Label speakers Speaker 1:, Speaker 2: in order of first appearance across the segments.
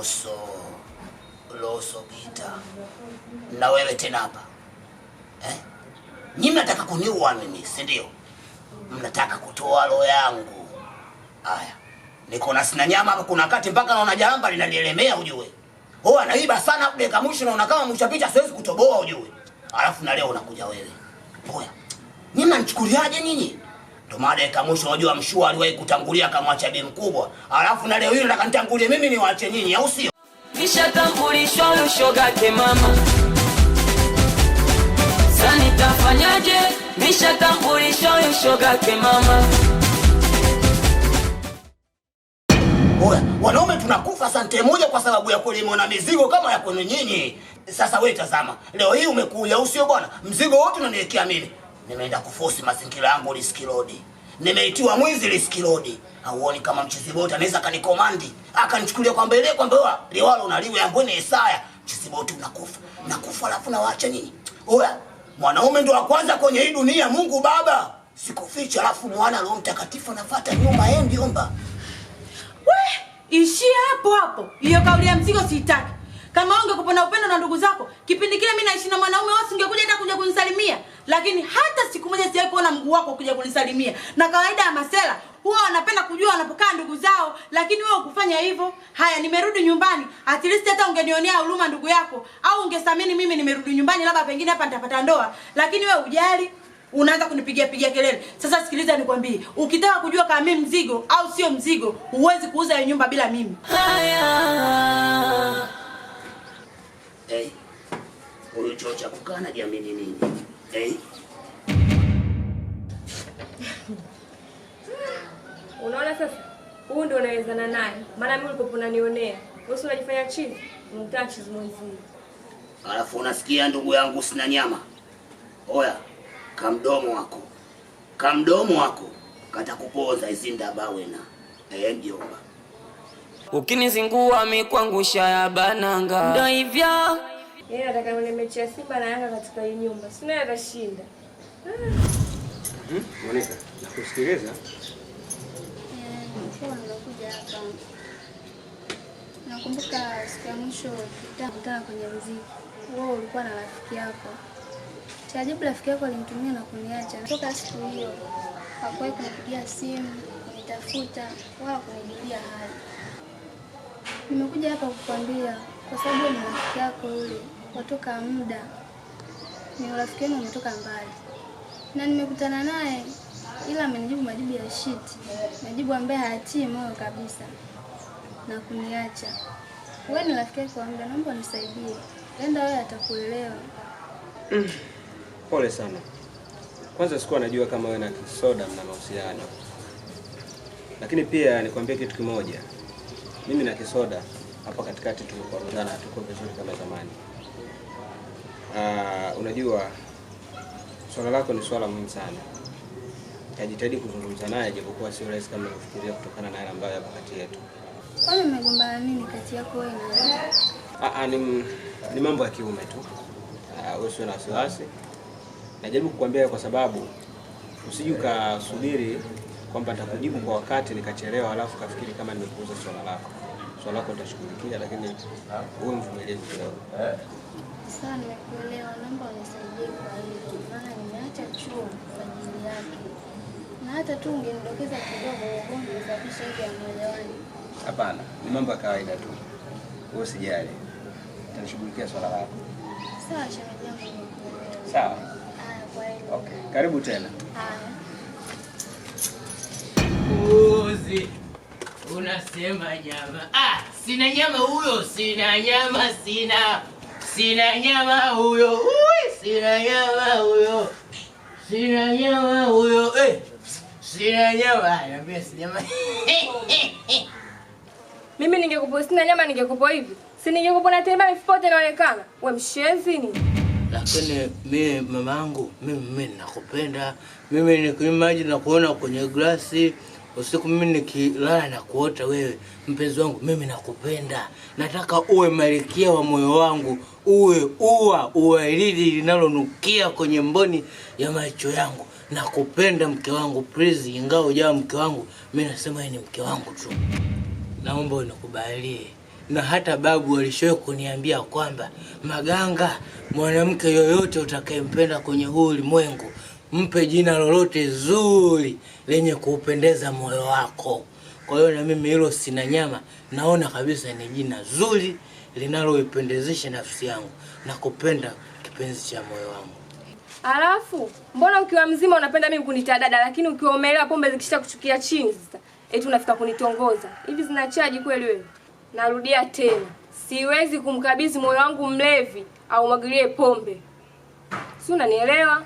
Speaker 1: Loso Loso Gita, na wewe tena hapa eh? Nyinyi mnataka kuniua mimi, si ndio? Mnataka kutoa roho yangu. Haya, niko na sina nyama hapa, kuna kati mpaka naona jamba linanielemea ujue. Oh, anaiba sana deka mwisho na unakaa mwisho picha siwezi kutoboa ujue. Alafu na leo unakuja wewe. Poa. Nyinyi mnanichukuliaje nyinyi? Ndio maana dakika mwisho, unajua mshua aliwahi kutangulia akamwacha bi mkubwa, alafu na leo hili nataka nitangulie mimi niwaache nyinyi, au sio? Nishatambulishwa ushogake mama, sasa nitafanyaje? Nishatambulishwa ushogake mama. Oya, wanaume tunakufa sante moja kwa sababu ya kulima mizigo kama ya kwenu nyinyi. Sasa wewe tazama, leo hii umekuja, usio bwana, mzigo wote unaniwekea mimi nimeenda kufosi mazingira yangu riski rodi, nimeitiwa mwizi riski rodi. Hauoni kama Mchiziboti anaweza akanikomandi akanichukulia kwa ile kwamba wewe liwalo unaliwe ambone Isaya Mchiziboti unakufa nakufa, alafu nawaacha nini? Oya, mwanaume ndo wa kwanza kwenye hii dunia, Mungu Baba sikuficha, alafu mwana Roho Mtakatifu anafuata nyuma yeye mjomba.
Speaker 2: We, ishia hapo hapo. Hiyo kauli ya mzigo siitaki. Kama ungekuwa na upendo na ndugu zako, kipindi kile mimi naishi na mwanaume wao singekuja hata kuja kunisalimia. Lakini ha ndugu wako kuja kunisalimia, na kawaida ya masela huwa wanapenda kujua wanapokaa ndugu zao, lakini wewe ukufanya hivyo. Haya, nimerudi nyumbani, at least hata ungenionea huruma ndugu yako, au ungesamini mimi nimerudi nyumbani, labda pengine hapa nitapata ndoa, lakini wewe ujali unaanza kunipigia pigia kelele. Sasa sikiliza nikwambie, ukitaka kujua kama mimi mzigo au sio mzigo, huwezi kuuza hiyo nyumba bila mimi. Haya,
Speaker 1: hey, unachocha kukana jamini nini? hey.
Speaker 3: Unaona sasa, huu ndio unawezana naye, maana mimi ulipoponanionea wewe unajifanya chizi, unataka chizi
Speaker 1: Alafu unasikia ndugu yangu, sina nyama. Oya, kamdomo wako kamdomo wako katakupoza izinda bawena. Eh, mjomba
Speaker 4: ukinizingua mikwangusha ya bananga,
Speaker 5: ndio hivyo yeye anataka mechi ya Simba na Yanga katika hii nyumba, sina atashinda.
Speaker 6: Hmm? Monica kusikiliza
Speaker 7: eh? Nakumbuka siku ya mwisho tulikutana kwenye mziki Wewe ulikuwa na rafiki yako. Cha ajabu rafiki yako alinitumia na kuniacha. Toka siku hiyo hakuwahi kunipigia simu, kunitafuta wala kunijulia hali. Nimekuja hapa kukwambia kwa sababu ni rafiki yako yule watoka muda, ni urafiki wenu umetoka mbali, na nimekutana naye ila amenijibu majibu ya shiti, majibu ambaye hayatii moyo kabisa na kuniacha. Wewe ni rafiki yake kwa muda, naomba unisaidie, enda wewe, atakuelewa.
Speaker 6: Mm. Pole sana. Kwanza sikuwa najua kama wewe na Kisoda mna mahusiano, lakini pia nikwambie kitu kimoja, mimi na Kisoda hapa katikati tulikorudana, tuko vizuri kama zamani. Uh, unajua swala lako ni swala muhimu sana nitajitahidi kuzungumza naye, japokuwa sio rahisi kama nafikiria, kutokana na yale ambayo yapo kati yetu.
Speaker 7: Kwani mmegombana nini kati yako wewe na
Speaker 6: ah, ah? Ni, ni mambo ya kiume tu, ah, sio na wasiwasi. Najaribu kukuambia kwa sababu usiji ukasubiri kwamba nitakujibu kwa wakati nikachelewa, alafu kafikiri kama nimepuuza swala lako. Swala lako nitashughulikia, lakini wewe mvumilie kidogo.
Speaker 7: Sasa nimekuelewa, naomba unisaidie kwa hiyo, maana nimeacha chuo kwa ajili yake na hata tu ungenidokeza kidogo ugonjwa usababisha hivi ya mmoja
Speaker 6: Hapana, ni mambo ya kawaida tu. Wewe usijali. Tutashughulikia swala lako.
Speaker 7: Sawa, shemeji yangu.
Speaker 6: Sawa. Okay. Karibu tena.
Speaker 8: Uzi. Unasema nyama. Ah, sina nyama huyo, sina nyama, sina. Sina nyama huyo. Ui, sina nyama huyo. Sina nyama huyo. Eh. Sina nyama, niambia sina nyama.
Speaker 2: Mimi ningekupa sina nyama ningekupa hivi. Si ningekupa na tembea ifupote inaonekana. Wewe mshezi ni.
Speaker 8: Lakini mimi mamangu, mimi mimi nakupenda. Mimi nikimaji na kuona kwenye glasi. Usiku mimi nikilala na kuota wewe, mpenzi wangu, mimi nakupenda. Nataka uwe malkia wa moyo wangu, uwe ua uwaridi linalonukia kwenye mboni ya macho yangu nakupenda mke wangu please, ingawa ujawa mke wangu, mimi nasema ni mke wangu tu, naomba unikubalie. Na hata babu alishoe kuniambia kwamba Maganga, mwanamke yoyote utakayempenda kwenye huu ulimwengu, mpe jina lolote zuri lenye kuupendeza moyo wako. Kwa hiyo na mimi hilo sina nyama, naona kabisa ni jina zuri linaloipendezesha nafsi yangu. Nakupenda kipenzi cha moyo wangu.
Speaker 2: Alafu mbona ukiwa mzima unapenda mimi kunitia dada, lakini ukiwa umeelewa pombe zikisha kuchukia chini sasa eti unafika kunitongoza hivi, zinachaji kweli wewe? Narudia tena, siwezi kumkabidhi moyo wangu mlevi au mwagilie pombe, si unanielewa?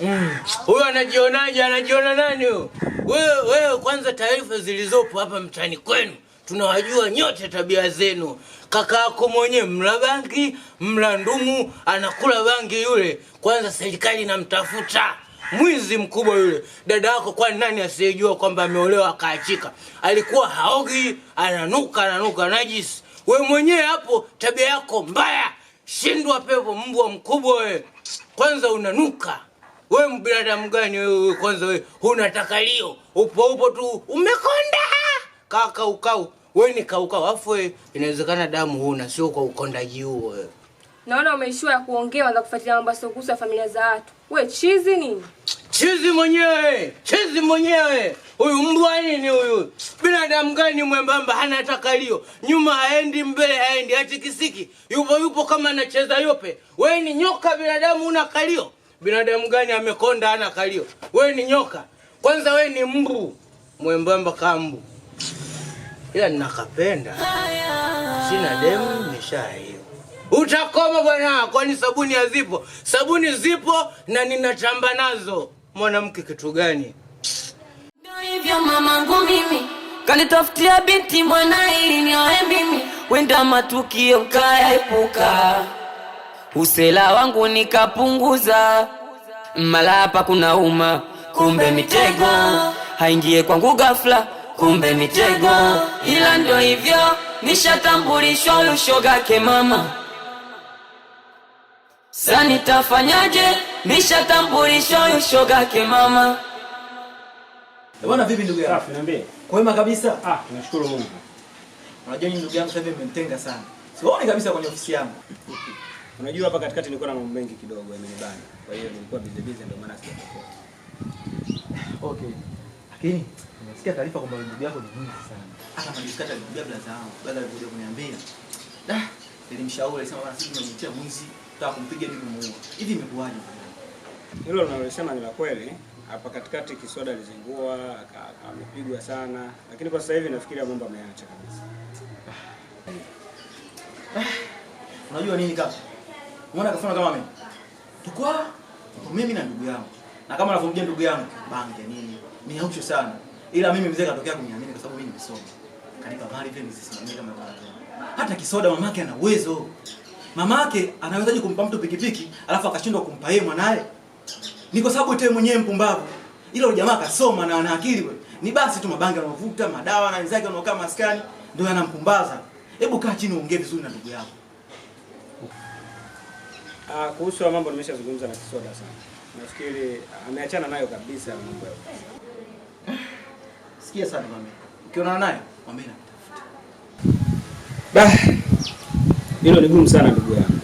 Speaker 8: Mm. Huyo mm, anajionaje? Anajiona nani huyo? Wewe wewe, kwanza taarifa zilizopo hapa mtaani kwenu tunawajua nyote, tabia zenu Kakaako mwenye mla bangi mla ndumu, anakula bangi yule. Kwanza serikali inamtafuta mwizi mkubwa yule. Dada yako kwa nani asiyejua kwamba ameolewa akaachika? Alikuwa haogi, ananuka ananuka najis We mwenyewe hapo tabia yako mbaya, shindwa pepo mbwa mkubwa we. Kwanza unanuka we, binadamu gani wewe? Kwanza we huna takalio, upo upo tu umekonda kaka ukau wewe ni kauka afu inawezekana damu huna, sio kwa ukondaji huo
Speaker 2: Naona umeishiwa ya kuongea, unaanza kufuatilia mambo yasiokuhusu familia za watu. We chizi nini?
Speaker 8: Chizi mwenyewe, chizi mwenyewe. Huyu mbwa nini huyu? Binadamu gani mwembamba, hana hata kalio, nyuma haendi, mbele haendi, hatikisiki, yupo yupo kama anacheza yope. we ni nyoka, binadamu una kalio. Binadamu gani amekonda, hana kalio? Wewe ni nyoka kwanza, we ni mbu mwembamba, kama mbu ila ninakapenda, sina demu, hiyo. Utakoma bwana, kwani sabuni hazipo? Sabuni zipo na ninatamba nazo. Mwanamke kitu gani? Hivyo mamangu mimi kanitafutia binti mwana ili nioe mimi, wenda matukio nkaepuka, usela wangu nikapunguza, mala hapa kuna uma, kumbe mitego
Speaker 6: haingie kwangu ghafla kumbe mitego, ila ndo hivyo, nishatambulishwa shoga ushogake mama. Sasa nitafanyaje? Nishatambulishwa shoga ushogake mama. Eh, bwana, vipi ndugu
Speaker 9: yangu? Safi, niambie.
Speaker 6: Kwema kabisa?
Speaker 9: Ah, tunashukuru Mungu.
Speaker 6: Unajua nyinyi ndugu yangu sasa hivi mmenitenga sana. Sioni kabisa kwenye ofisi yangu.
Speaker 9: Unajua hapa katikati nilikuwa na mambo mengi kidogo yamenibana. Kwa hiyo nilikuwa busy busy ndio maana sijapotea.
Speaker 6: Okay. Lakini sikia taarifa kwamba ndugu yako ni mwizi sana. Hata mnisikata ndugu yangu blaza wangu, baada ya kuja kuniambia. Da, nilimshauri sema bana sisi tunamtia mwizi, tutaka kumpiga mimi kumuua. Hivi imekuwaje bwana?
Speaker 9: Hilo unalosema ni la kweli. Hapa katikati kisoda alizingua, amepigwa sana, lakini kwa sasa hivi nafikiria mambo ameacha kabisa.
Speaker 6: Unajua nini kaka? Umeona kafanya kama mimi. Tukua mimi na ndugu yangu. Na kama anavyomjia ndugu yangu, bange nini? Niaushe sana. Ila mimi mzee katokea kuniamini kwa sababu mimi nimesoma. Kanipa mali vile nisisimamie kama baba. Hata kisoda mamake ana uwezo. Mamake anawezaje kumpa mtu pikipiki alafu akashindwa kumpa yeye mwanae? Ni kwa sababu yeye mwenyewe mpumbavu. Ila yule jamaa akasoma na ana akili wewe. Ni basi tu mabanga anavuta, madawa na wenzake wanaokaa maskani ndio yanampumbaza. Hebu kaa chini uongee vizuri na ndugu yako.
Speaker 9: Ah, kuhusu mambo nimeshazungumza na kisoda sana. Nafikiri ameachana nayo kabisa mambo.
Speaker 6: Sikia sana mami. Ukiona naye mami nakutafuta.
Speaker 9: Bah. Hilo ni gumu sana ndugu yangu.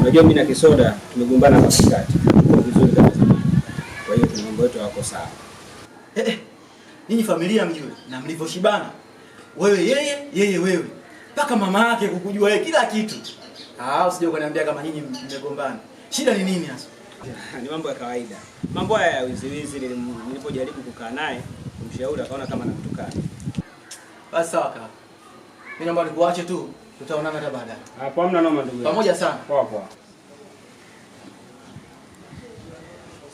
Speaker 9: Unajua mimi na Kisoda tumegombana Kwa Vizuri kabisa. Kwa hiyo tunaomba wote wako sawa.
Speaker 6: Eh, eh. Ninyi familia mjue na mlivyoshibana. Wewe yeye, yeye wewe. Paka mama yake kukujua yeye kila kitu. Ah, usije ukaniambia kama nyinyi mmegombana. Shida ni nini hasa?
Speaker 9: Ni mambo ya kawaida. Mambo haya ya wiziwizi nilipojaribu kukaa naye kumshauri akaona kama namtukana.
Speaker 6: Basi sawa kaka. Mimi naomba nikuache tu, tutaonana hata baadaye.
Speaker 9: Ah, kwa mna noma ndugu. Pamoja sana. Poa poa.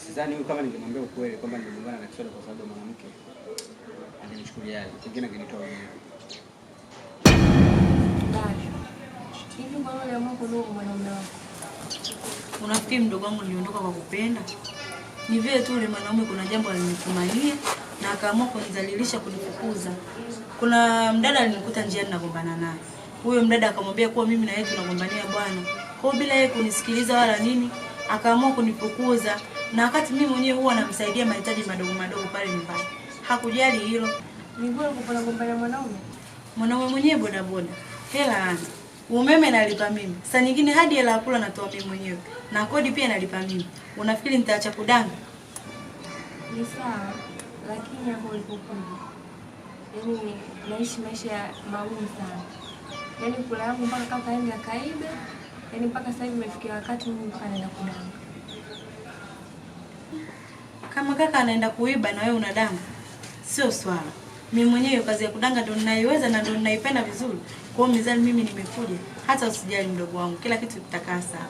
Speaker 9: Sidhani huyu kama ningemwambia ukweli kwamba niligombana na Kisolo kwa sababu mwanamke angenichukulia yale, kingine angenitoa mimi.
Speaker 10: Hivi mbona uliamua kudugu mwanaume wako?
Speaker 11: Unafikiri mdogo wangu niliondoka kwa kupenda? Ni vile tu yule mwanaume kuna jambo alinifumania na akaamua kunidhalilisha, kunifukuza. Kuna mdada alinikuta njiani nagombana naye, huyo mdada akamwambia kuwa mimi na yeye tunagombania bwana. Kwa hiyo bila yeye kunisikiliza wala nini, akaamua kunifukuza, na wakati mimi mwenyewe huwa namsaidia mahitaji madogo madogo pale nyumbani, hakujali hilo.
Speaker 10: Ni bora kupona gombana mwanaume
Speaker 11: mwanaume mwenyewe bodaboda, hela ana umeme nalipa mimi, saa nyingine hadi hela kula natoa mimi mwenyewe, na kodi pia nalipa mimi. Unafikiri nitaacha kudanga?
Speaker 10: Ni sawa lakini hapo ulipokuja, yaani naishi maisha ya magumu sana, yaani kula yangu mpaka kaka yangu akaiba, yaani mpaka sasa hivi imefikia wakati mimi mpaka naenda kudanga.
Speaker 11: Kama kaka anaenda kuiba na wewe unadanga, sio swala. Mimi mwenyewe kazi ya kudanga ndo ninaiweza na ndo ninaipenda vizuri. Kwa hiyo mizani, mimi nimekuja, hata usijali mdogo wangu, kila kitu kitakaa sawa.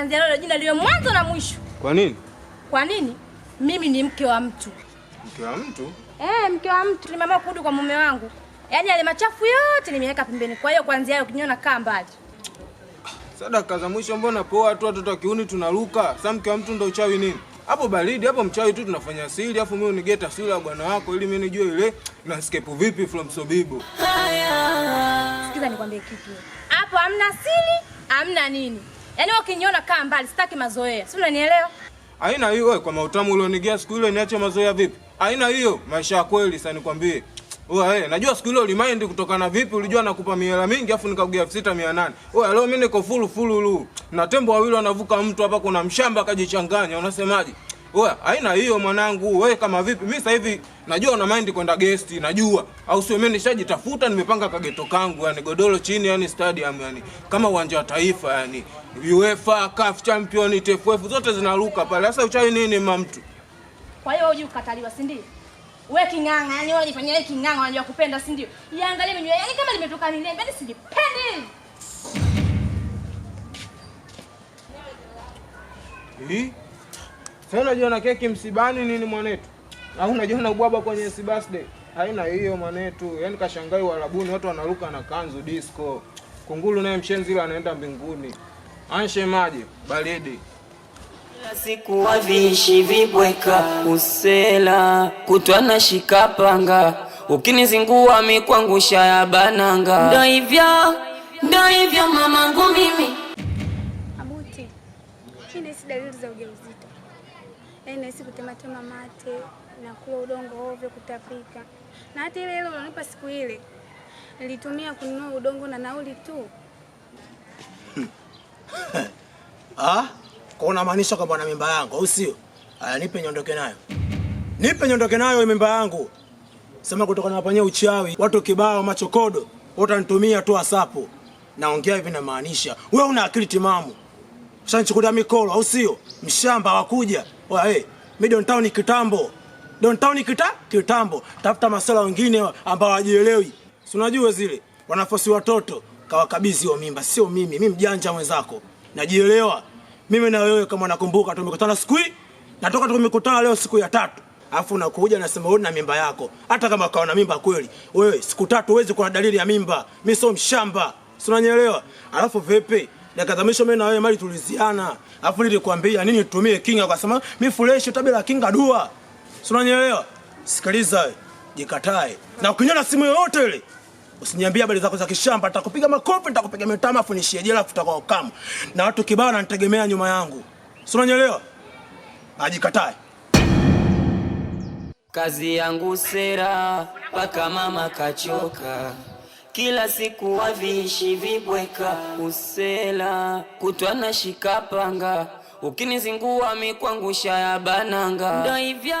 Speaker 12: kuanzia leo jina liwe mwanzo na mwisho. Kwa nini? Kwa nini? Mimi ni mke wa mtu.
Speaker 13: Mke wa mtu?
Speaker 12: Eh, mke wa mtu. Nimeamua kurudi kwa mume wangu. Yaani yale machafu yote nimeweka pembeni. Kwa hiyo kuanzia leo kinyona kaa mbali.
Speaker 13: Sadaka za mwisho mbona poa tu watoto kiuni tunaruka. Sasa mke wa mtu ndio uchawi nini? Hapo baridi, hapo mchawi tu tunafanya siri, afu mimi unige siri ya bwana wako ili mimi nijue ile na escape vipi from Sobibo.
Speaker 12: Sikiza nikwambie kitu. Hapo hamna siri, hamna nini. Yaani ukiniona kaa mbali, sitaki mazoea. Si unanielewa?
Speaker 13: Aina hiyo kwa mautamu ulionigia siku ile niache mazoea vipi? Aina hiyo maisha ya kweli sasa nikwambie. Wewe eh, najua siku ile ulimind kutoka na vipi ulijua nakupa miela mingi afu nikagea 6800. Wewe leo mimi niko full full lu. Na tembo wawili wanavuka mtu hapa kuna mshamba akajichanganya unasemaje? Wewe aina hiyo mwanangu, wewe kama vipi? Mimi sasa hivi najua una mind kwenda guest, najua au sio? Mimi nishajitafuta, nimepanga kageto kangu, yani godoro chini, yani stadium, yani kama uwanja wa Taifa, yani UEFA, CAF Champion, TFF zote zinaruka pale. Sasa uchawi nini ma mtu?
Speaker 12: Kwa hiyo hujui ukataliwa, si ndio? Wewe king'anga, yani wewe unajifanyia wewe king'anga, unajua kupenda, si ndio? Iangalie mimi, yani kama nimetoka nilembe, yani sijipendi.
Speaker 13: Hii? Sasa unajua na keki msibani nini mwanetu? au unajiona ubwaba kwenye si birthday haina hiyo manetu. Yaani kashangai Uarabuni watu wanaruka na kanzu disco, kunguru naye mshenzi ile anaenda mbinguni, anshe maji baridi siku wavishi vibweka usela kutwa na shikapanga
Speaker 14: ukinizingua mikwangusha ya bananga. Ndo hivyo ndo hivyo mamangu mimi. Abuti, hii ni dalili za ujauzito, yaani nahisi kutematema mate na kula udongo ovyo kutapika. Na hata ile ile ulionipa siku ile nilitumia kununua udongo na nauli tu.
Speaker 15: Ah, kwa unamaanisha kwamba na mimba yangu au sio? Aya, nipe niondoke nayo, nipe niondoke nayo mimba yangu. Sema kutoka na panya uchawi, watu kibao, machokodo, utanitumia tu asapo. Naongea hivi na maanisha wewe una akili timamu, ushanichukulia mikolo au sio? Mshamba wakuja. Oya, hey, Midon Midtown kitambo downtown kita kitambo, tafuta masuala wengine ambao hawajielewi. Si unajua zile wanafosi watoto kawakabidhi wa mimba, sio mimi. Mimi mjanja mwenzako, najielewa mimi na wewe. Kama nakumbuka tumekutana siku hii, natoka tumekutana leo siku ya tatu, afu unakuja nasema wewe na mimba yako. Hata kama kawa na mimba kweli, wewe siku tatu huwezi kuwa na dalili ya mimba. Mimi sio mshamba, si unanielewa? Alafu vipi nikadhamisha mimi na wewe mali tuliziana, afu nilikwambia nini nitumie kinga, kwa sababu mimi fresh, tabia la kinga dua si unanielewa? Sikiliza jikatae na ukinyona simu yoyote ile usiniambie habari zako za kishamba, nitakupiga makofi, nitakupiga mitama, afu nishie jela, kutakao kama na watu kibao wananitegemea nyuma yangu, si unanielewa? Ajikatae. Kazi yangu sera mpaka mama kachoka, kila siku waviishi
Speaker 12: vibweka usela, kutwa na shikapanga ukinizingua mikwangusha ya bananga. ndo hivyo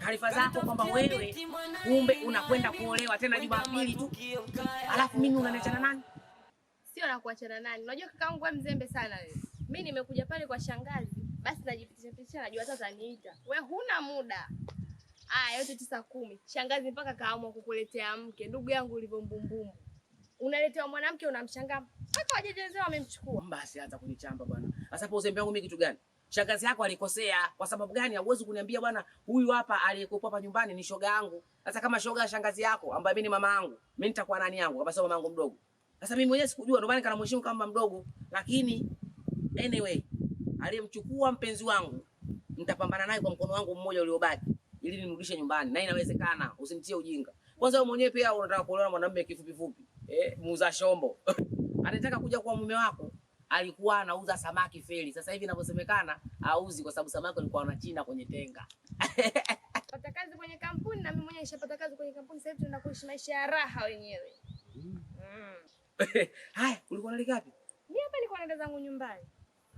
Speaker 12: taarifa zako kwamba wewe kumbe unakwenda kuolewa tena Jumapili tu, alafu mimi unaniachana nani? Sio na kuachana nani, unajua kakaangu mzembe sana wewe. Mimi nimekuja pale kwa shangazi, basi najipitisha pitisha, najua sasa niita we huna muda Aya, yote tisa kumi, shangazi mpaka kaamua kukuletea mke. Ndugu yangu ulivyo mbumbumbu unaletewa mwanamke unamshangaa mpaka wajajazao wamemchukua.
Speaker 16: Basi hata kunichamba bwana. Sasa hapo uzembe wangu mimi kitu gani? Shangazi yako alikosea kwa sababu gani? Hauwezi kuniambia bwana, huyu hapa aliyekuwa hapa nyumbani ni shoga yangu. Sasa kama shoga shangazi yako ambaye mimi ni mama yangu, mimi nitakuwa nani yangu? Kama sio mama yangu mdogo. Sasa mimi mwenyewe sikujua, ndio maana kanamheshimu kama mdogo, lakini anyway, aliyemchukua mpenzi wangu nitapambana naye kwa mkono wangu mmoja uliobaki ili nimrudishe nyumbani, na inawezekana. Usimtie ujinga. Kwanza wewe mwenyewe pia unataka kuolewa na mwanamume kifupi fupi eh, muuza shombo anataka kuja kwa mume wako, alikuwa anauza samaki feli. Sasa hivi inavyosemekana auzi, kwa sababu samaki alikuwa anachina kwenye tenga
Speaker 12: pata kazi kwenye kampuni, na mimi mwenyewe nishapata kazi kwenye kampuni. Sasa hivi tunakuishi maisha ya raha wenyewe. Mm.
Speaker 16: Haya, ulikuwa unalika wapi?
Speaker 12: Mimi hapa nilikuwa naenda zangu nyumbani.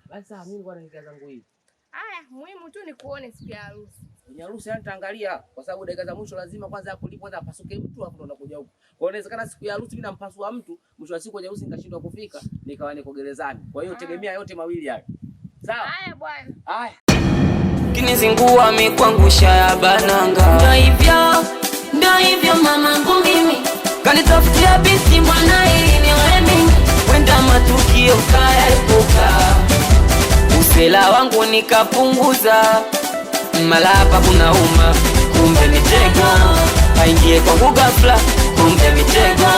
Speaker 16: Basi mimi nilikuwa naenda zangu hivi.
Speaker 12: Haya, muhimu tu ni kuone siku ya harusi.
Speaker 16: Kwenye harusi yani taangalia kwa sababu dakika za mwisho lazima kwanza hapo ndipo kwanza apasuke mtu hapo ndo unakuja huko. Kwa hiyo inawezekana siku ya harusi mimi nampasua mtu, mwisho wa siku kwenye harusi nikashindwa kufika, nikawa niko gerezani. Kwa hiyo tegemea yote mawili hayo. Sawa? Haya
Speaker 12: bwana. Haya.
Speaker 17: Kinizingua mikwangusha ya bananga. Ndio hivyo. Ndio hivyo mama mamangu mimi. Kanitafutia binti mwana ili niwe mimi. Wenda matukio kaya ipoka. Usela wangu nikapunguza malapa kunauma, kumbe mitego aingie kwa ghafla, kumbe mitego.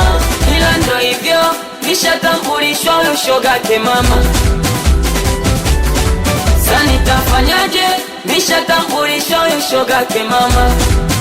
Speaker 17: Ila ndo hivyo nishatambulishwa huyo mama, sanitafanyaje? Nishatambulishwa huyo mama